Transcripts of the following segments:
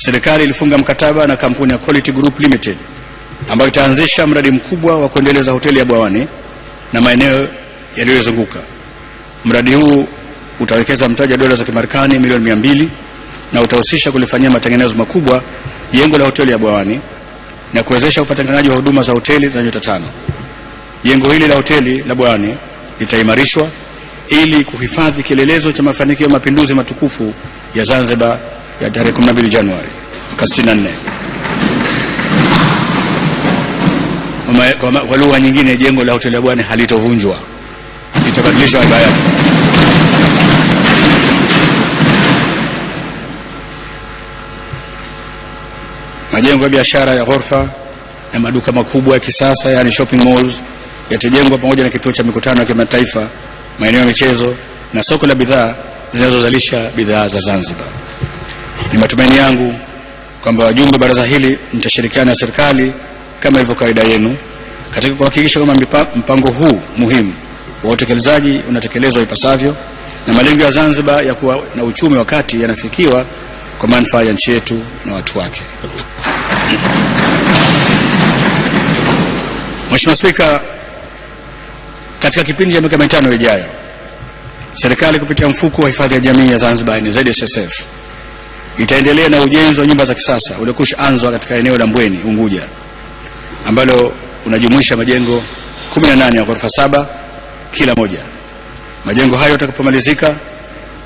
serikali ilifunga mkataba na kampuni ya Quality Group Limited ambayo itaanzisha mradi mkubwa wa kuendeleza hoteli ya Bwawani na maeneo yaliyozunguka. Mradi huu utawekeza mtaji wa dola za Kimarekani milioni mbili na utahusisha kulifanyia matengenezo makubwa jengo la hoteli ya Bwawani na kuwezesha upatikanaji wa huduma za hoteli za nyota tano. Jengo hili la hoteli la Bwawani litaimarishwa ili kuhifadhi kielelezo cha mafanikio ya mapinduzi matukufu ya Zanzibar ya tarehe 12 Januari mwaka 64. Kwa lugha nyingine, jengo la hoteli ya Bwana halitovunjwa, itabadilishwa haiba yake. Majengo ya biashara ya ghorofa na maduka makubwa ya kisasa yani shopping malls yatajengwa pamoja na kituo cha mikutano ya kimataifa, maeneo ya michezo na soko la bidhaa zinazozalisha bidhaa za Zanzibar matumaini yangu kwamba wajumbe baraza hili mtashirikiana na serikali kama ilivyo kawaida yenu katika kuhakikisha kwamba mpango huu muhimu wa utekelezaji unatekelezwa ipasavyo na malengo ya Zanzibar ya kuwa na uchumi wa kati yanafikiwa kwa manufaa ya nchi yetu na watu wake. Mheshimiwa Spika, katika kipindi cha miaka mitano ijayo serikali kupitia mfuko wa hifadhi ya jamii ya Zanzibar ni ZSSF Itaendelea na ujenzi wa nyumba za kisasa uliokushaanzwa katika eneo la Mbweni Unguja, ambalo unajumuisha majengo 18 ya ghorofa saba kila moja. Majengo hayo yatakapomalizika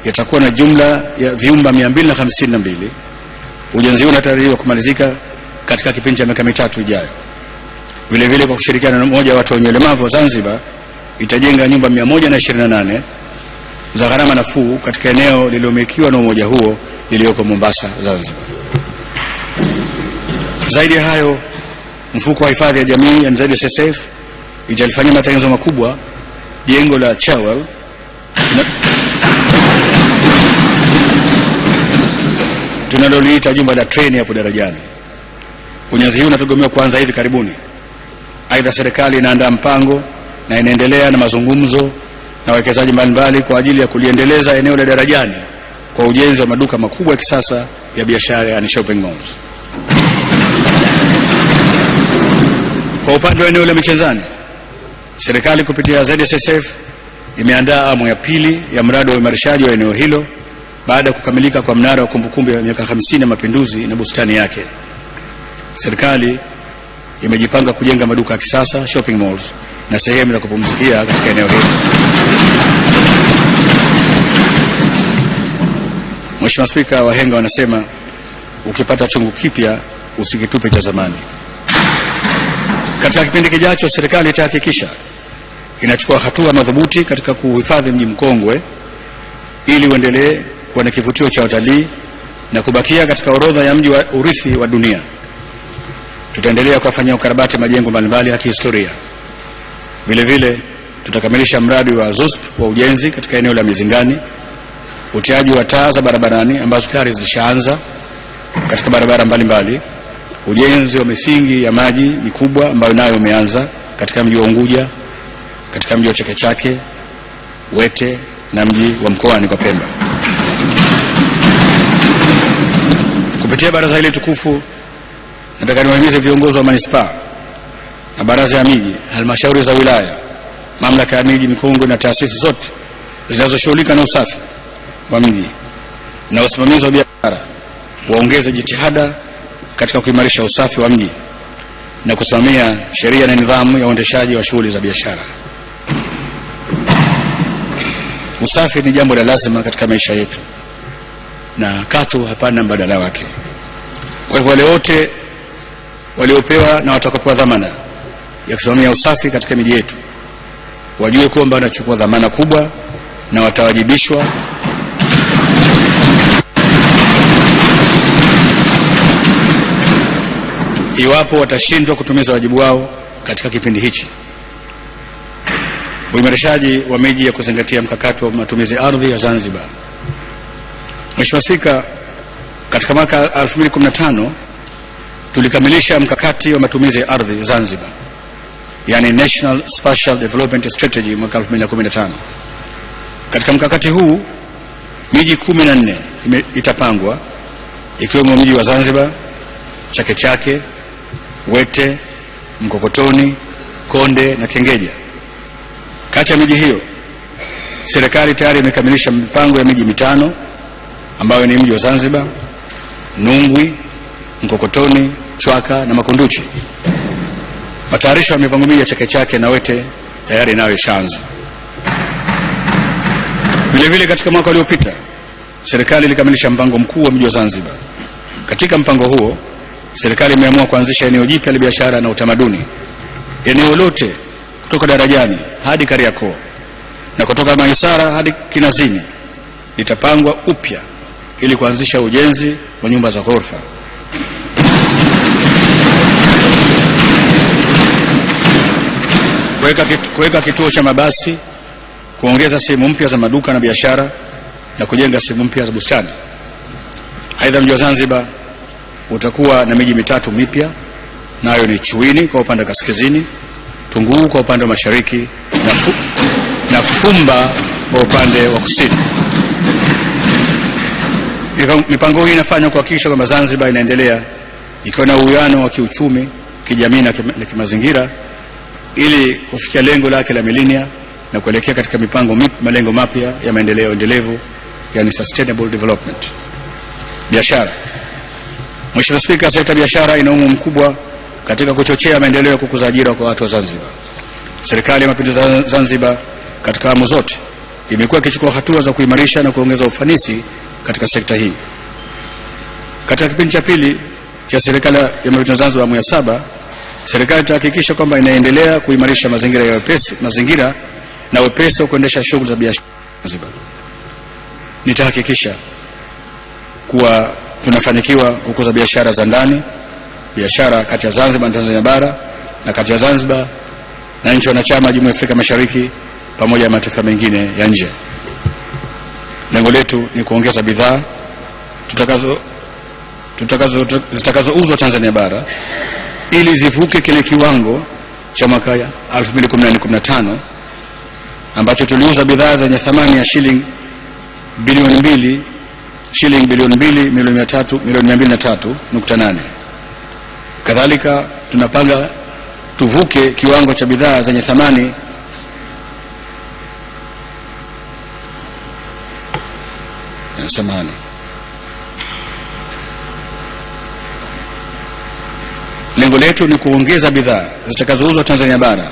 yatakuwa na jumla ya vyumba 252. Ujenzi huu unatarajiwa kumalizika katika kipindi cha miaka mitatu ijayo. Vile vile, kwa kushirikiana na mmoja wa watu wenye ulemavu wa Zanzibar itajenga nyumba 128 za gharama nafuu katika eneo lililomilikiwa na umoja huo iliyoko Mombasa, Zanzibar. Zaidi ya hayo, mfuko wa hifadhi ya jamii NZSSF ijalifanyia matengenezo makubwa jengo la Chawel tunaloliita jumba la treni hapo Darajani. Unyazi huu unategemewa kuanza hivi karibuni. Aidha, serikali inaandaa mpango na inaendelea na mazungumzo na wawekezaji mbalimbali kwa ajili ya kuliendeleza eneo la Darajani kwa ujenzi wa maduka makubwa ya kisasa ya biashara yani shopping malls. Kwa upande wa eneo la Michezani, serikali kupitia ZSSF imeandaa awamu ya pili ya mradi wa uimarishaji wa eneo hilo baada ya kukamilika kwa mnara wa kumbukumbu ya miaka 50 ya mapinduzi na bustani yake. Serikali imejipanga kujenga maduka ya kisasa shopping malls na sehemu za kupumzikia katika eneo hilo. Mheshimiwa Spika, wahenga wanasema ukipata chungu kipya usikitupe cha zamani. Katika kipindi kijacho, serikali itahakikisha inachukua hatua madhubuti katika kuhifadhi mji mkongwe ili uendelee kuwa na kivutio cha watalii na kubakia katika orodha ya mji wa urithi wa dunia. Tutaendelea kuwafanyia ukarabati majengo mbalimbali ya kihistoria. Vilevile tutakamilisha mradi wa ZUSP wa ujenzi katika eneo la Mizingani utiaji wa taa za barabarani ambazo tayari zishaanza katika barabara mbalimbali, ujenzi wa misingi ya maji mikubwa ambayo nayo umeanza katika mji wa Unguja, katika mji wa Chake Chake, Wete na mji wa Mkoani kwa Pemba. Kupitia baraza hili tukufu, nataka niwahimize viongozi wa manispaa na baraza ya miji, halmashauri za wilaya, mamlaka ya miji, mikongwe na taasisi zote zinazoshughulika na usafi wa mji na wasimamizi wa biashara waongeze jitihada katika kuimarisha usafi wa mji na kusimamia sheria na nidhamu ya uendeshaji wa shughuli za biashara. Usafi ni jambo la lazima katika maisha yetu na katu hapana mbadala wake. Kwa hivyo wale wote waliopewa na watakapewa dhamana ya kusimamia usafi katika miji yetu wajue kwamba wanachukua dhamana kubwa na watawajibishwa. iwapo watashindwa kutumiza wajibu wao katika kipindi hichi. Uimarishaji wa miji ya kuzingatia mkakati wa matumizi ardhi ya Zanzibar. Mheshimiwa Spika, katika mwaka 2015 tulikamilisha mkakati wa matumizi ya ardhi Zanzibar, yani National Spatial Development Strategy mwaka 2015. Katika mkakati huu miji 14 itapangwa ikiwemo mji wa Zanzibar, Chake Chake Wete, Mkokotoni, Konde na Kengeja. Kati ya miji hiyo serikali tayari imekamilisha mipango ya miji mitano ambayo ni mji wa Zanzibar, Nungwi, Mkokotoni, Chwaka na Makunduchi. Matayarisho ya mipango miji ya Chake Chake na Wete tayari nayo ishaanza. Vile vile katika mwaka uliopita serikali ilikamilisha mpango mkuu wa mji wa Zanzibar. Katika mpango huo serikali imeamua kuanzisha eneo jipya la biashara na utamaduni, eneo lote kutoka Darajani hadi Kariakoo na kutoka Maisara hadi Kinazini litapangwa upya ili kuanzisha ujenzi wa nyumba za ghorofa. Kuweka kitu, kituo cha mabasi, kuongeza sehemu mpya za maduka na biashara na kujenga sehemu mpya za bustani. Aidha, mji wa Zanzibar utakuwa na miji mitatu mipya, nayo ni Chuini kwa upande wa kaskazini, Tunguu kwa upande wa mashariki na, fu na Fumba kwa upande wa kusini. Mipango hii inafanywa kuhakikisha kwamba Zanzibar inaendelea ikiwa na uwiano wa kiuchumi, kijamii na kimazingira ili kufikia lengo lake la milenia na kuelekea katika mipango mip, malengo mapya ya maendeleo endelevu yani sustainable development. Biashara Mheshimiwa Spika, sekta ya biashara ina umuhimu mkubwa katika kuchochea maendeleo ya kukuza ajira kwa watu wa Zanzibar. Serikali ya Mapinduzi ya Zanzibar katika awamu zote imekuwa ikichukua hatua za kuimarisha na kuongeza ufanisi katika sekta hii. Katika kipindi cha pili cha serikali ya Mapinduzi ya Zanzibar awamu ya saba, serikali itahakikisha kwamba inaendelea kuimarisha mazingira ya wepesi, mazingira na wepesi wa kuendesha shughuli za biashara Zanzibar. Nitahakikisha kuwa tunafanikiwa kukuza biashara za ndani, biashara kati ya Zanzibar na Tanzania bara na kati ya Zanzibar na nchi wanachama Jumuiya ya Afrika Mashariki pamoja na mataifa mengine ya nje. Lengo letu ni kuongeza bidhaa tutakazo tutakazo zitakazouzwa Tanzania bara ili zivuke kile kiwango cha mwaka 2014 ambacho tuliuza bidhaa zenye thamani ya shilingi bilioni mbili shilingi bilioni mbili milioni mia tatu milioni mia mbili na tatu nukta nane. Kadhalika tunapanga tuvuke kiwango cha bidhaa zenye thamani samani lengo letu ni kuongeza bidhaa zitakazouzwa Tanzania bara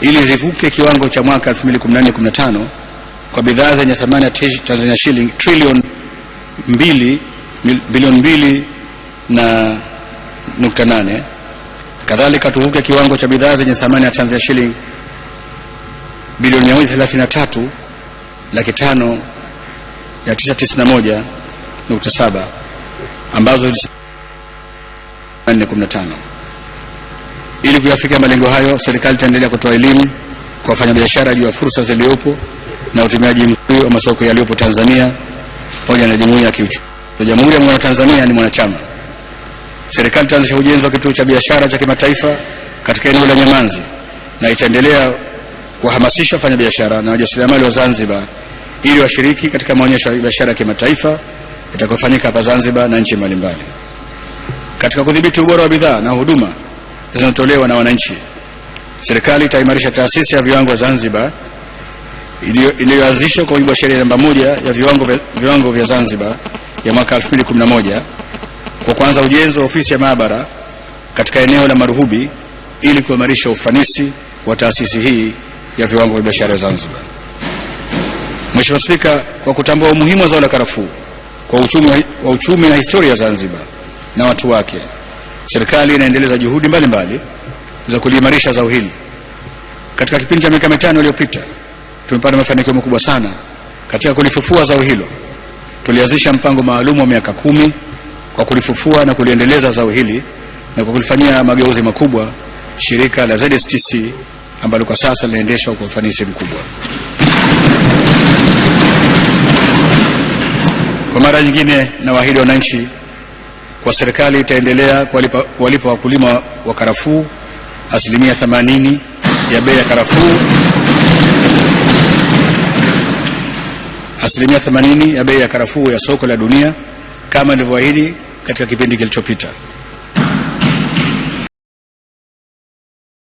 ili zivuke kiwango cha mwaka 2014-15 kwa bidhaa zenye thamani ya Tanzania shilingi trilioni mbili bilioni mbili na nukta nane kadhalika tuvuke kiwango cha bidhaa zenye thamani ya Tanzania shilling bilioni tatu laki tano ya 991.7 ambazo tano ili kuyafikia malengo hayo, serikali itaendelea kutoa elimu kwa wafanyabiashara juu ya fursa zilizopo na utumiaji mzuri wa masoko yaliyopo Tanzania pamoja na jumuiya ya kiuchumi. Jamhuri ya Muungano wa Tanzania ni mwanachama. Serikali itaanzisha ujenzi wa kituo cha biashara cha kimataifa katika eneo la Nyamanzi na itaendelea kuwahamasisha wafanyabiashara na wajasiriamali wa Zanzibar ili washiriki katika maonyesho ya biashara ya kimataifa yatakayofanyika hapa Zanzibar na nchi mbalimbali. Katika kudhibiti ubora wa bidhaa na huduma zinazotolewa na wananchi, serikali itaimarisha taasisi ya viwango Zanzibar iliyoanzishwa kwa mujibu wa sheria namba moja ya viwango vya, viwango vya Zanzibar ya mwaka 2011 kwa kuanza ujenzi wa ofisi ya maabara katika eneo la Maruhubi ili kuimarisha ufanisi wa taasisi hii ya viwango vya biashara ya Zanzibar. Mheshimiwa Spika, kwa kutambua umuhimu wa zao la karafuu kwa uchumi wa uchumi na historia ya Zanzibar na watu wake, serikali inaendeleza juhudi mbalimbali mbali za kuliimarisha zao hili. Katika kipindi cha miaka mitano iliyopita tumepata mafanikio makubwa sana katika kulifufua zao hilo. Tulianzisha mpango maalum wa miaka kumi kwa kulifufua na kuliendeleza zao hili na kwa kulifanyia mageuzi makubwa shirika la ZSTC ambalo kwa sasa linaendeshwa kwa ufanisi mkubwa. Kwa mara nyingine, na wananchi kwa serikali itaendelea kuwalipa wakulima wa karafuu asilimia 80 ya bei ya karafuu asilimia 80 ya bei ya karafuu ya soko la dunia kama ilivyoahidi katika kipindi kilichopita.